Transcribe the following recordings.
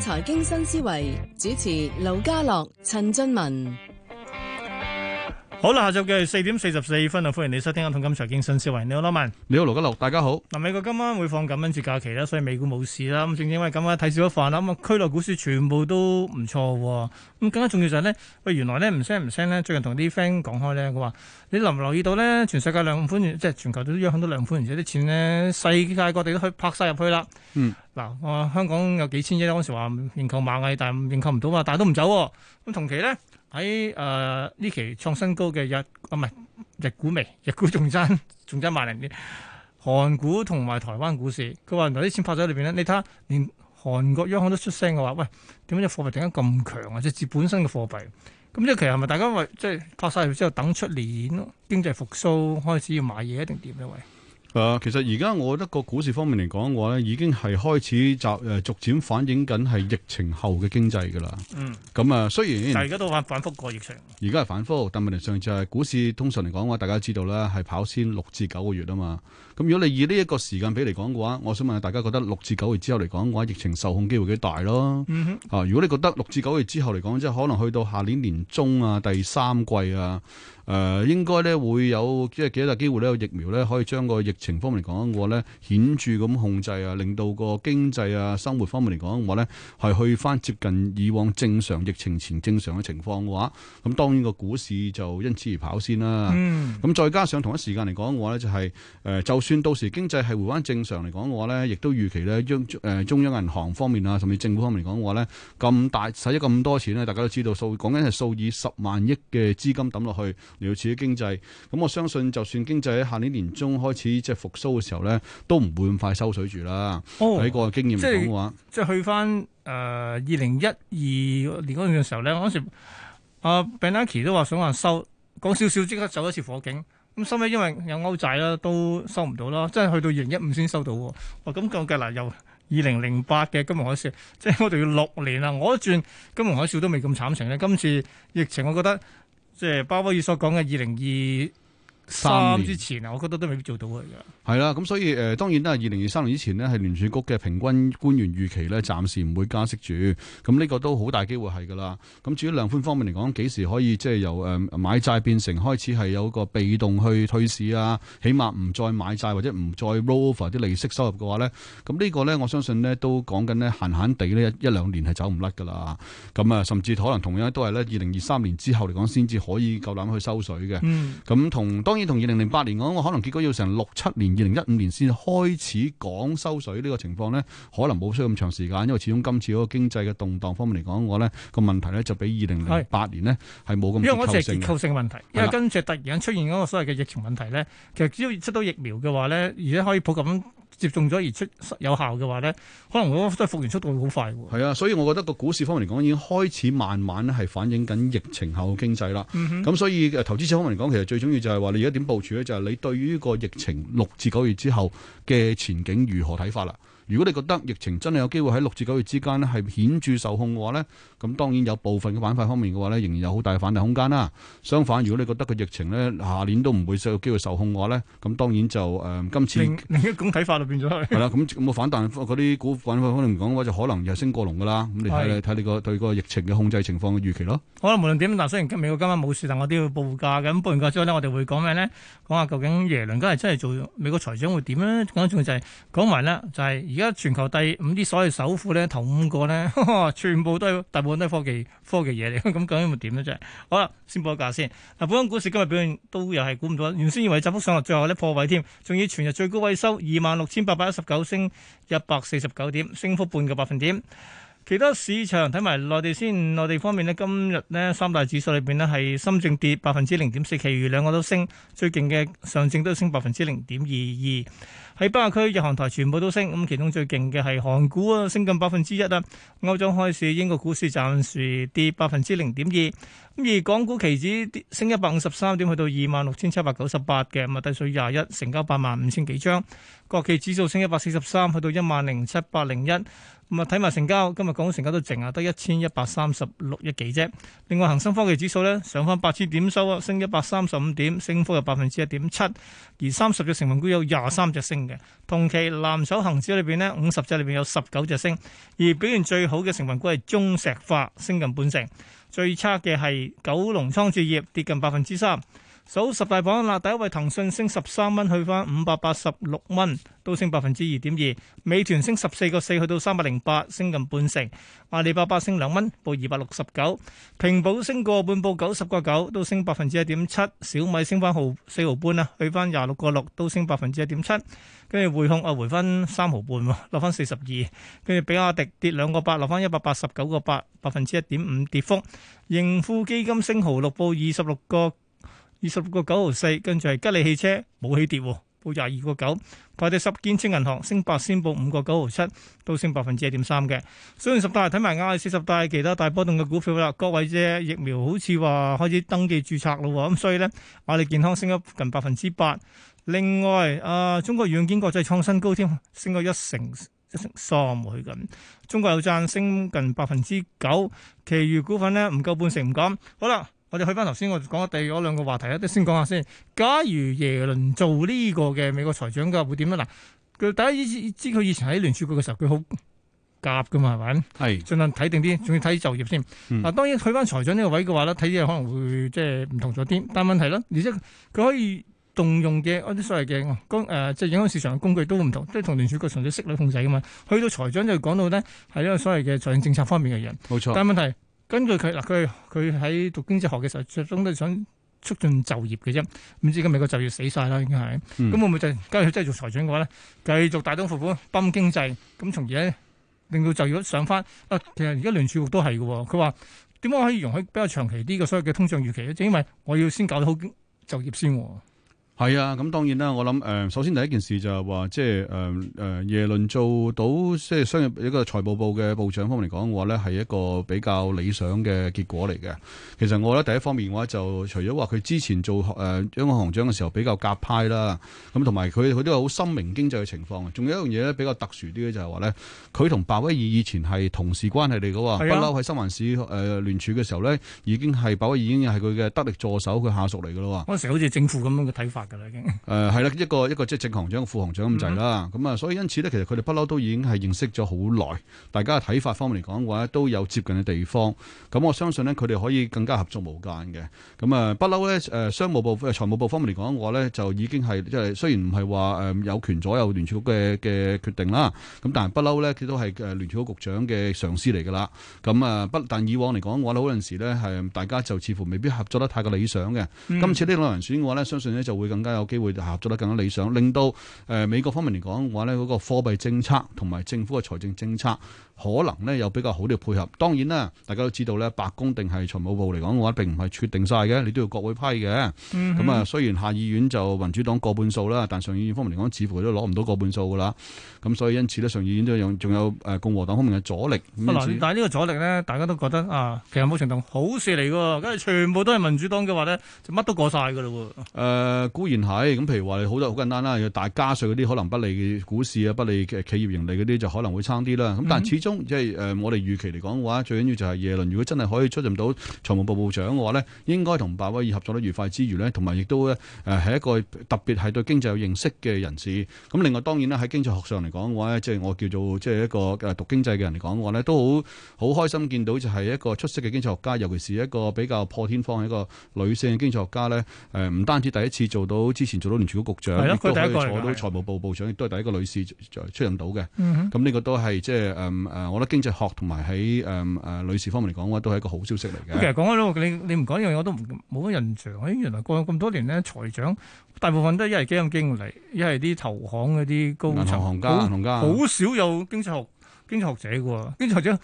財經新思維，主持劉家樂、陳俊文。好啦，下晝嘅四點四十四分啊，歡迎你收聽《一桶金財經新思維》。你好，羅文。你好，羅家樂，大家好。嗱，美國今晚會放感恩節假期啦，所以美股冇市啦。咁正，正因為咁啊，睇少咗飯啦。咁啊，區內股市全部都唔錯。咁更加重要就係呢，喂，原來呢，唔聲唔聲呢，最近同啲 friend 講開咧，佢話你留唔留意到呢，全世界量寬即係全球都有很多量寬而且啲錢呢，世界各地都去泊晒入去啦。嗱、嗯，我、呃、香港有幾千億，當時話認購螞蟻，但係認購唔到嘛，但係都唔走。咁同期呢。喺誒呢期創新高嘅日啊，唔係日股，未？日股仲爭仲爭萬零點，韓股同埋台灣股市，佢話原來啲錢拍咗喺裏邊咧，你睇下連韓國央行都出聲嘅話，喂，點解啲貨幣突然間咁強啊？即係接本身嘅貨幣，咁即係其實係咪大家為即係拍晒入之後等出年咯？經濟復甦開始要買嘢一定點樣？喂？呃、其實而家我覺得個股市方面嚟講嘅話咧，已經係開始集誒、呃、逐漸反映緊係疫情後嘅經濟噶啦。嗯。咁啊，雖然但而家都反反覆過疫情。而家係反覆，但問題上就係股市通常嚟講嘅話，大家知道咧係跑先六至九個月啊嘛。咁如果你以呢一個時間比嚟講嘅話，我想問下大家覺得六至九月之後嚟講嘅話，疫情受控機會幾大咯？啊、嗯哼、呃，如果你覺得六至九月之後嚟講，即係可能去到下年年中啊、第三季啊。誒、呃、應該咧會有即係幾大機會咧，個疫苗咧可以將個疫情方面嚟講嘅話咧，顯著咁控制啊，令到個經濟啊生活方面嚟講嘅話咧，係去翻接近以往正常疫情前正常嘅情況嘅話，咁當然個股市就因此而跑先啦。咁、嗯、再加上同一時間嚟講嘅話咧，就係、是、誒、呃，就算到時經濟係回翻正常嚟講嘅話咧，亦都預期咧央誒中央銀行方面啊，甚至政府方面嚟講嘅話咧，咁大使咗咁多錢咧，大家都知道數講緊係數以十萬億嘅資金抌落去。你要刺激經濟，咁我相信就算經濟喺下年年中開始即係復甦嘅時候咧，都唔會咁快收水住啦。喺、哦、個經驗講嘅話，即係去返誒二零一二年嗰段嘅時候咧，嗰陣時阿、呃、Benaki 都話想話收，講少少即刻走一次火警。咁收尾因為有歐債啦，都收唔到啦，即係去到二零一五先收到。哇、哦！咁我計嗱由二零零八嘅金融海嘯，即係我哋要六年啦，我一轉金融海嘯都未咁慘情咧。今次疫情，我覺得。即係鮑威爾所講嘅二零二。三年之前啊，我覺得都未必做到佢噶。係啦，咁所以誒、呃，當然啦，二零二三年之前呢，係聯儲局嘅平均官員預期呢，暫時唔會加息住。咁呢個都好大機會係噶啦。咁至於量寬方面嚟講，幾時可以即係由誒買債變成開始係有個被動去退市啊？起碼唔再買債或者唔再 rollover 啲利息收入嘅話呢，咁呢個呢，我相信呢都講緊呢，閒閒地呢，一兩年係走唔甩噶啦。咁啊，甚至可能同樣都係呢，二零二三年之後嚟講先至可以夠膽去收水嘅。咁同當。嗯當然，同二零零八年講，我可能結果要成六七年，二零一五年先開始講收水呢個情況咧，可能冇需要咁長時間，因為始終今次嗰個經濟嘅動盪方面嚟講，我咧個問題咧就比二零零八年呢係冇咁。因為我係結構性,結構性問題，的因為跟住突然間出現嗰個所謂嘅疫情問題咧，其實只要出到疫苗嘅話咧，而家可以普及。接種咗而出有效嘅話咧，可能我都係復原速度會好快喎。係啊，所以我覺得個股市方面嚟講已經開始慢慢咧係反映緊疫情後嘅經濟啦。咁、嗯、哼所以誒投資者方面嚟講，其實最重要就係話你而家點部署咧，就係、是、你對於個疫情六至九月之後嘅前景如何睇法啦。如果你覺得疫情真係有機會喺六至九月之間咧，係顯著受控嘅話咧，咁當然有部分嘅板塊方面嘅話咧，仍然有好大嘅反彈空間啦。相反，如果你覺得個疫情咧下年都唔會有機會受控嘅話咧，咁當然就誒、呃、今次另，另一種睇法就變咗係啦。咁咁、 嗯、反彈嗰啲股份可能講嘅話就可能又升過龍㗎啦。咁是你睇睇你個對個疫情嘅控制情況嘅預期咯。好啦無論點，但雖然美國今晚冇事，但我都要報價嘅。咁報完價之後呢，我哋會講咩咧？講下究竟耶倫今日真係做美國財長會點咧？講一重要就係講埋咧，就係、是。而家全球第五啲所謂首富咧，頭五個咧，全部都係大部分都係科技科技嘢嚟，咁究竟會點咧？啫，好啦，先報個價先。嗱，本港股市今日表現都又係估唔到，原先以為窄幅上落，最後咧破位添，仲要全日最高位收二萬六千八百一十九，升一百四十九點，升幅半個百分點。其他市場睇埋內地先，內地方面呢，今日呢三大指數裏邊呢係深證跌百分之零點四，其餘兩個都升，最勁嘅上證都升百分之零點二二。喺北亞區日韓台全部都升，咁其中最勁嘅係韓股啊，升近百分之一啊。歐洲開市，英國股市暫時跌百分之零點二，而港股期指升一百五十三點，去到二萬六千七百九十八嘅，咁啊低水廿一，成交八萬五千幾張。國企指數升一百四十三，去到一萬零七百零一。咁啊，睇埋成交，今日港股成交都淨係得一千一百三十六億幾啫。另外，恒生科技指數咧上翻八千點，收升一百三十五點，升幅有百分之一點七。而三十隻成分股有廿三隻升嘅，同期藍籌恒指裏邊呢，五十隻裏邊有十九隻升，而表現最好嘅成分股係中石化，升近半成；最差嘅係九龍倉置業，跌近百分之三。數十大榜啦，第一位騰訊升十三蚊，去翻五百八十六蚊，都升百分之二點二。美團升十四個四，去到三百零八，升近半成。阿里巴巴升兩蚊，報二百六十九。平保升個半，報九十個九，都升百分之一點七。小米升翻毫四毫半啦，去翻廿六個六，都升百分之一點七。跟住匯控啊，回翻三毫半喎，落翻四十二。跟住比亞迪跌兩個八，落翻一百八十九個八，百分之一點五跌幅。盈富基金升毫六，報二十六個。二十個九毫四，跟住係吉利汽車冇起跌，報廿二個九，排第十。建設銀行升八仙，報五個九毫七，都升百分之一點三嘅。雖然十大睇埋亞視十大其他大波動嘅股票啦。各位啫，疫苗好似話開始登記註冊啦，咁所以咧，阿里健康升咗近百分之八。另外啊，中國軟件國際創新高添，升咗一成一成三去咁。中國有贊升近百分之九，其餘股份咧唔夠半成唔講。好啦。我哋去翻頭先，我講第二嗰兩個話題咧，都先講下先。假如耶倫做呢個嘅美國財長嘅，會點咧？嗱，佢大家知佢以前喺聯儲局嘅時候，佢好夾噶嘛，係咪？係盡是量睇定啲，仲要睇就業先。嗱、嗯啊，當然去翻財長呢個位嘅話咧，睇嘢可能會即係唔同咗啲。但係問題咧，而且佢可以動用嘅啲所謂嘅誒，即係影響市場嘅工具都唔同，即係同聯儲局純粹息率控制噶嘛。去到財長就講到呢，係呢個所謂嘅財政政策方面嘅人。冇錯錯，但係問題。跟住佢，嗱佢佢喺讀經濟學嘅時候，最終都想促進就業嘅啫。唔知今美國就業死晒啦，已經係咁，嗯、會唔會就係？假如佢真係做財長嘅話咧，繼續大刀闊斧，泵經濟，咁從而咧令到就業上翻。啊，其實而家聯儲局都係嘅喎，佢話點解可以容許比較長期啲嘅所謂嘅通脹預期咧？就因為我要先搞得好就業先喎、啊。係啊，咁當然啦。我諗誒、呃，首先第一件事就係、是、話，即係誒誒，耶倫做到即係、呃、商業一個財務部嘅部長方面嚟講嘅話咧，係一個比較理想嘅結果嚟嘅。其實我覺得第一方面嘅話就，除咗話佢之前做誒央、呃、行長嘅時候比較鴿派啦，咁同埋佢佢都有好深明經濟嘅情況。仲有一樣嘢咧比較特殊啲嘅就係話咧，佢同鮑威爾以前係同事關係嚟嘅話，不嬲喺三藩市誒、呃、聯儲嘅時候咧，已經係鮑威爾已經係佢嘅得力助手，佢下屬嚟嘅咯。嗰陣、啊、時好似政府咁樣嘅睇法。誒，係啦、嗯，一個一個即係正行長、副行長咁滯啦，咁啊、嗯，所、嗯、以因此咧，其實佢哋不嬲都已經係認識咗好耐，大家嘅睇法方面嚟講嘅話，都有接近嘅地方，咁我相信咧，佢哋可以更加合作無間嘅，咁啊，不嬲咧，誒，商務部、誒，財務部方面嚟講嘅話咧，就已經係即係雖然唔係話誒有權左右聯儲局嘅嘅決定啦，咁但係不嬲咧，佢都係誒聯儲局局長嘅上司嚟噶啦，咁啊不，但以往嚟講嘅話，好嗰陣時咧，係大家就似乎未必合作得太過理想嘅，嗯、今次呢兩人選嘅話咧，相信咧就會。更加有機會合作得更加理想，令到誒、呃、美國方面嚟講嘅話呢嗰個貨幣政策同埋政府嘅財政政策，可能呢有比較好嘅配合。當然啦，大家都知道咧，白宮定係財務部嚟講嘅話並唔係決定晒嘅，你都要國會批嘅。咁啊、嗯哼，雖然下議院就民主黨過半數啦，但上議院方面嚟講，似乎都攞唔到過半數噶啦。咁所以因此呢，上議院都有仲有誒共和黨方面嘅阻力。但係呢個阻力呢，大家都覺得啊，其實冇程度好事嚟嘅，梗係全部都係民主黨嘅話呢，就乜都過晒嘅嘞喎。呃，估固然係咁，譬如話你好多好簡單啦，有大家稅嗰啲可能不利股市啊，不利嘅企業盈利嗰啲就可能會差啲啦。咁、嗯、但係始終即係誒，我哋預期嚟講嘅話，最緊要就係耶倫如果真係可以出任到財務部部長嘅話咧，應該同鮑威爾合作得愉快之餘咧，同埋亦都咧誒係一個特別係對經濟有認識嘅人士。咁另外當然啦，喺經濟學上嚟講嘅話咧，即係我叫做即係一個誒讀經濟嘅人嚟講嘅話咧，都好好開心見到就係一個出色嘅經濟學家，尤其是一個比較破天荒嘅一個女性嘅經濟學家咧。誒、呃、唔單止第一次做到。之前做到聯儲局局長，亦都係坐到財務部部長，亦都係第一個女士出任到嘅。咁呢、嗯、哼個都係即係誒誒，我覺得經濟學同埋喺誒誒女士方面嚟講嘅話，都係一個好消息嚟嘅。其實講開都，你你唔講一樣，我都冇乜印象。咦，原來過咁多年咧，財長大部分都一係基金經理，一係啲投行嗰啲高層行，行家，好很家少有經濟學經濟學者嘅。經濟學者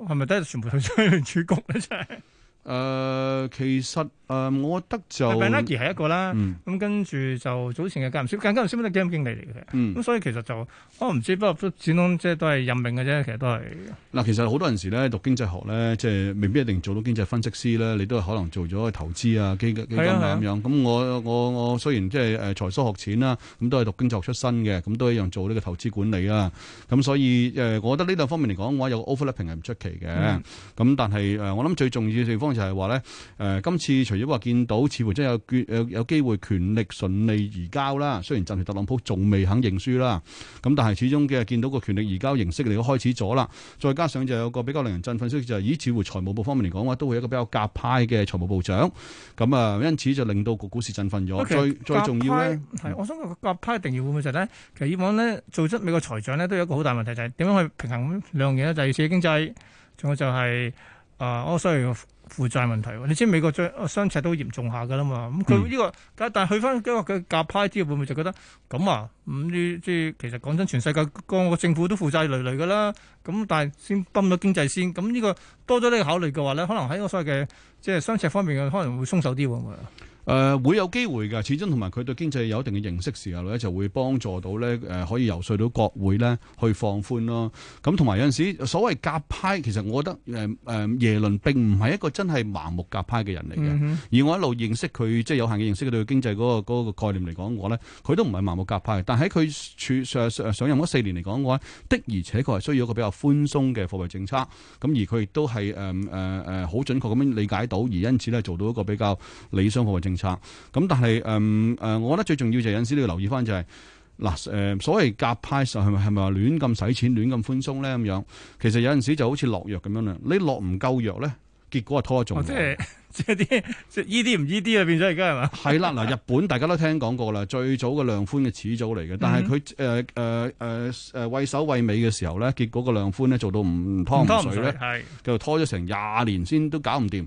係咪都係全部出嚟聯儲局咧？ 誒、呃，其實誒、呃，我覺得就係 Benagi 一個啦，咁、嗯、跟住就早前嘅賈文超，賈文超先乜都基金經理嚟嘅，咁、嗯、所以其實就我唔知，不過展只通即係都係任命嘅啫，其實都係。嗱，其實好多人時咧讀經濟學咧，即係未必一定做到經濟分析師咧，你都係可能做咗嘅投資啊、基金、啊、基金咁樣。咁我我我雖然即係誒才疏學淺啦，咁都係讀經濟學出身嘅，咁都係一樣做呢個投資管理啦、啊。咁所以誒、呃，我覺得呢兩方面嚟講我話，有 overlapping 係唔出奇嘅。咁但係誒，我諗、嗯、最重要嘅地方、就。是就係話咧，誒、呃，今次除咗話見到似乎真有權誒有，有機會權力順利移交啦，雖然暫時特朗普仲未肯認輸啦，咁但係始終嘅見到個權力移交形式嚟都開始咗啦，再加上就有個比較令人振奮，所、就是、以就咦似乎財務部方面嚟講話都會一個比較鴿派嘅財務部長，咁啊，因此就令到個股市振奮咗。實最最重要咧，係我想個鴿派一定要會唔會就係、是、咧？其實以往咧做出美國財長咧都有一個好大問題，就係、是、點樣去平衡兩樣嘢咧？就係、是、經濟，仲有就係啊歐元。呃 oh sorry, 負債問題，你知美國最雙赤都嚴重下噶啦嘛，咁佢呢個，但係去翻嗰個佢夾派之後會唔會就覺得咁啊？咁、嗯、呢即係其實講真，全世界個個政府都負債累累噶啦，咁但係先泵咗經濟先，咁、嗯、呢、這個多咗呢個考慮嘅話咧，可能喺個所謂嘅即係雙赤方面嘅可能會鬆手啲喎，會唔會啊？誒、呃、會有機會嘅，始終同埋佢對經濟有一定嘅認識時，時候咧就會幫助到咧誒、呃、可以游説到國會咧去放寬咯。咁同埋有陣時所謂夾派，其實我覺得誒誒、呃呃、耶倫並唔係一個真係盲目夾派嘅人嚟嘅。嗯、哼而我一路認識佢，即係有限嘅認識佢對經濟嗰、嗰個嗰個概念嚟講嘅話咧，佢都唔係盲目夾派。但喺佢處上上任嗰四年嚟講嘅話，的而且確係需要一個比較寬鬆嘅貨幣政策。咁而佢亦都係誒誒誒好準確咁樣理解到，而因此咧做到一個比較理想貨幣政策。咁，但係誒誒，我覺得最重要就係有陣時你要留意翻，就是，就係嗱誒，所謂夾派係咪係咪話亂咁使錢，亂咁寬鬆咧咁樣。其實有陣時就好似落藥咁樣啦，你落唔夠藥咧，結果係拖得仲耐。即係即係啲即係依啲唔依啲啊，變咗而家係嘛？係啦，嗱，日本大家都聽講過啦，最早嘅量寬嘅始祖嚟嘅，但係佢誒誒誒誒畏首畏尾嘅時候咧，嗯呃呃呃呃呃、izza, 結果個量寬咧做到唔湯唔水咧，係、嗯，就拖咗成廿年先都搞唔掂。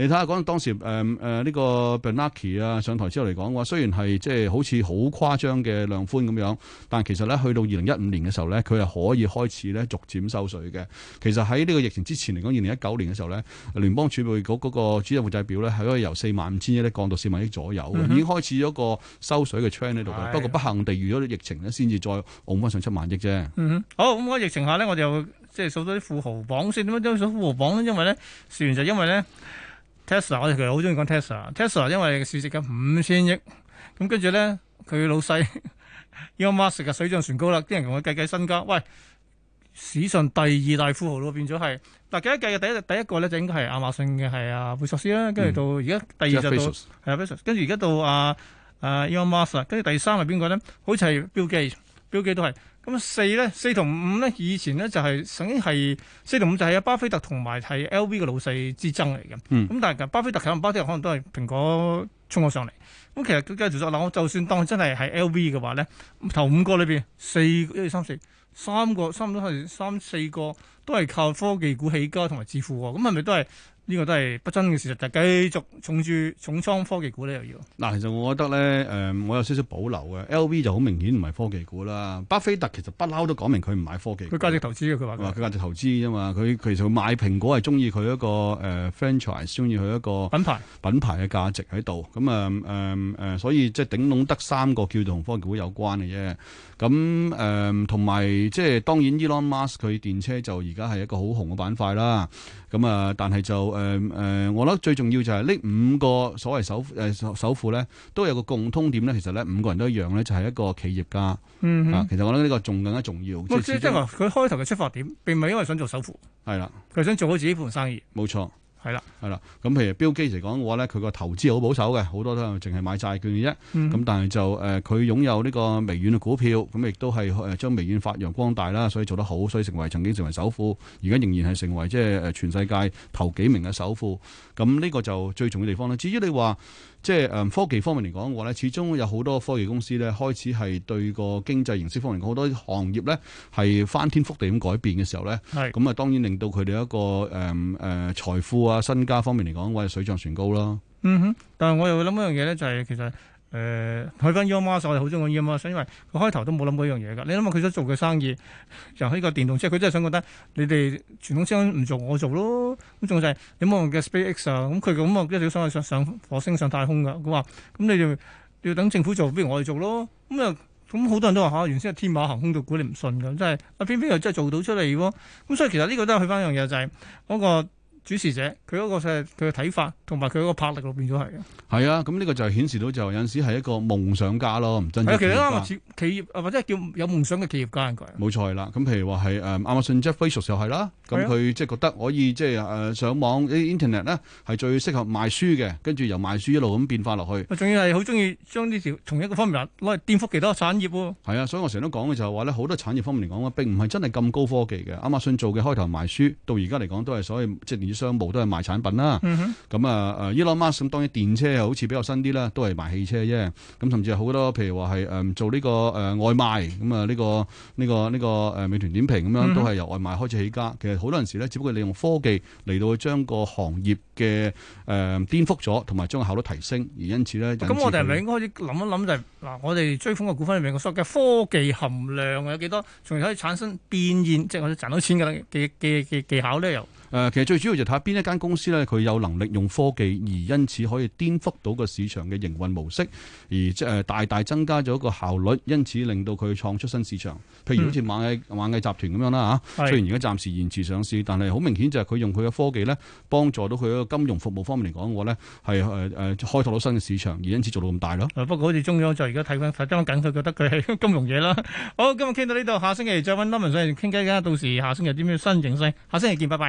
你睇下講到當時誒呢、嗯呃這個 Bernanke 啊上台之後嚟講話，雖然係即係好似好誇張嘅量寬咁樣，但其實咧去到二零一五年嘅時候咧，佢係可以開始咧逐漸收水嘅。其實喺呢個疫情之前嚟講，二零一九年嘅時候咧，聯邦儲備局嗰個資產負債表咧係可以由四萬五千億咧降到四萬億左右，嗯、哼已經開始咗個收水嘅 trend 喺度。不過不幸地遇咗疫情咧，先至再戹翻上七萬億啫、嗯。好咁喺疫情下咧，我哋又即係數多啲富豪榜先點樣數富豪榜咧？因為咧，事實因為咧。Tesla，我哋其實好中意講 Tesla。Tesla 因為市值近五千億，咁跟住咧佢老細，Elon Musk 就水漲船高啦。啲人同佢計計身家，喂，史上第二大富豪咯，變咗係。嗱，計一計嘅第一第一個咧就應該係亞馬遜嘅係啊貝索斯啦，跟住到而家第二就到係啊貝索斯，跟住而家到啊啊 Elon Musk，跟住第三係邊個咧？好似係 Bill Gates，Bill Gates 都係。咁四咧，四同五咧，以前咧就係、是、曾經係四同五就係阿巴菲特同埋係 LV 嘅老細之爭嚟嘅。咁、嗯、但係，巴菲特同埋巴菲特可能都係蘋果衝咗上嚟。咁其實佢繼續做嗱，我就算當真係係 LV 嘅話咧，頭五個裏邊四一二三四三個，差唔多係三、三四、三四個都係靠科技股起家同埋致富喎。咁係咪都係？呢個都係不爭嘅事實，就繼、是、續重注重倉科技股咧，又要嗱、啊。其實我覺得咧，誒、呃，我有少少保留嘅。LV 就好明顯唔係科技股啦。巴菲特其實不嬲都講明佢唔買科技。佢價值投資嘅佢話。話佢價值投資啫嘛。佢其實買蘋果係中意佢一個誒、呃、franchise，中意佢一個品牌品牌嘅價值喺度。咁啊誒誒，所以即係頂籠得三個叫做同科技股有關嘅啫。咁、嗯、誒，同、嗯、埋即係當然，Elon Musk 佢電車就而家係一個好紅嘅板塊啦。Mm hmm. mm hmm. 咁啊，但係就誒誒、呃，我覺得最重要就係呢五個所謂首誒、呃、首、首富咧，都有個共通點咧，其實咧五個人都一樣咧，就係、是、一個企業家。嗯哼、啊，其實我覺得呢個仲更加重要。那即係話佢開頭嘅出發點並唔係因為想做首富，係啦的，佢想做好自己盤生意。冇錯。係啦，係啦，咁譬如 Bill Gates 嚟講嘅話咧，佢個投資好保守嘅，好多都淨係買債券嘅啫。咁、嗯、但係就誒，佢擁有呢個微軟嘅股票，咁亦都係誒將微軟發揚光大啦，所以做得好，所以成為曾經成為首富，而家仍然係成為即係誒全世界頭幾名嘅首富。咁呢個就最重要地方啦。至於你話，即係誒、嗯、科技方面嚟講嘅話咧，始終有好多科技公司咧，開始係對個經濟形式方面講，好多行業咧係翻天覆地咁改變嘅時候咧，係咁啊，當然令到佢哋一個誒誒財富啊身家方面嚟講，我係水漲船高咯。嗯哼，但係我又會諗一樣嘢咧，就係、是、其實。誒睇翻 Elon Musk，呃、ars, 我哋好中意 Elon Musk，想因為佢開頭都冇諗過一樣嘢㗎。你諗下佢想，想所做嘅生意就係呢個電動車，佢真係想覺得你哋傳統車唔做，我做咯。咁仲就係有冇人嘅 SpaceX 啊？咁佢咁啊，一直都想上上火星、上太空㗎。佢話：咁、嗯、你哋要，要等政府做，不如我哋做咯。咁又咁好多人都話嚇、啊，原先天馬行空到估你唔信㗎，真係阿偏偏又真係做到出嚟喎。咁、嗯、所以其實呢個都係去翻一樣嘢，就係、是、嗰、那個。主持者佢嗰個佢嘅睇法同埋佢個魄力咯，變咗係嘅。係啊，咁、嗯、呢、呢個就係顯示到就有陣時係一個夢想家咯，唔真係啊。其實啱啊，企業或者叫有夢想嘅企業家，應該冇錯啦。咁、嗯、譬如話係誒亞馬遜即 u s t fulfil、啊、就係啦，咁佢即係覺得可以即係誒上網 internet 呢係最適合賣書嘅，跟住由賣書一路咁變化落去。仲要係好中意將呢條從一個方面嚟攞嚟顛覆其他產業喎。係啊，所以我成日都講嘅就係話咧，好多產業方面嚟講咧，並唔係真係咁高科技嘅。亞馬遜做嘅開頭賣書，到而家嚟講都係所謂即商務都係賣產品啦，咁啊誒 Elon Musk，咁當然電車又好似比較新啲啦，都係賣汽車啫。咁甚至好多，譬如話係誒做呢個誒外賣，咁啊呢個呢個呢個誒美團點評咁樣，都係由外賣開始起家。其實好多陣時咧，只不過利用科技嚟到將個行業嘅，誒顛覆咗，同埋將個效率提升，而因此咧，咁我哋係咪應該開始諗一諗就係嗱，我哋追風嘅股份裏邊嘅科技含量有幾多，仲可以產生變現，即係我哋賺到錢嘅技技技巧咧又。誒，其實最主要就睇下邊一間公司咧，佢有能力用科技而因此可以顛覆到個市場嘅營運模式，而即係大大增加咗個效率，因此令到佢創出新市場。譬如好似螞蟻螞蟻集團咁樣啦，吓、啊，是雖然而家暫時延遲上市，但係好明顯就係佢用佢嘅科技咧，幫助到佢一個金融服務方面嚟講嘅話咧，係誒誒開拓到新嘅市場，而因此做到咁大咯。不過好似中央就而家睇翻，執得緊，佢覺得佢係金融嘢啦。好，今日傾到呢度，下星期再揾拉文上嚟傾偈啦。到時下星期有啲咩新形勢，下星期見，拜拜。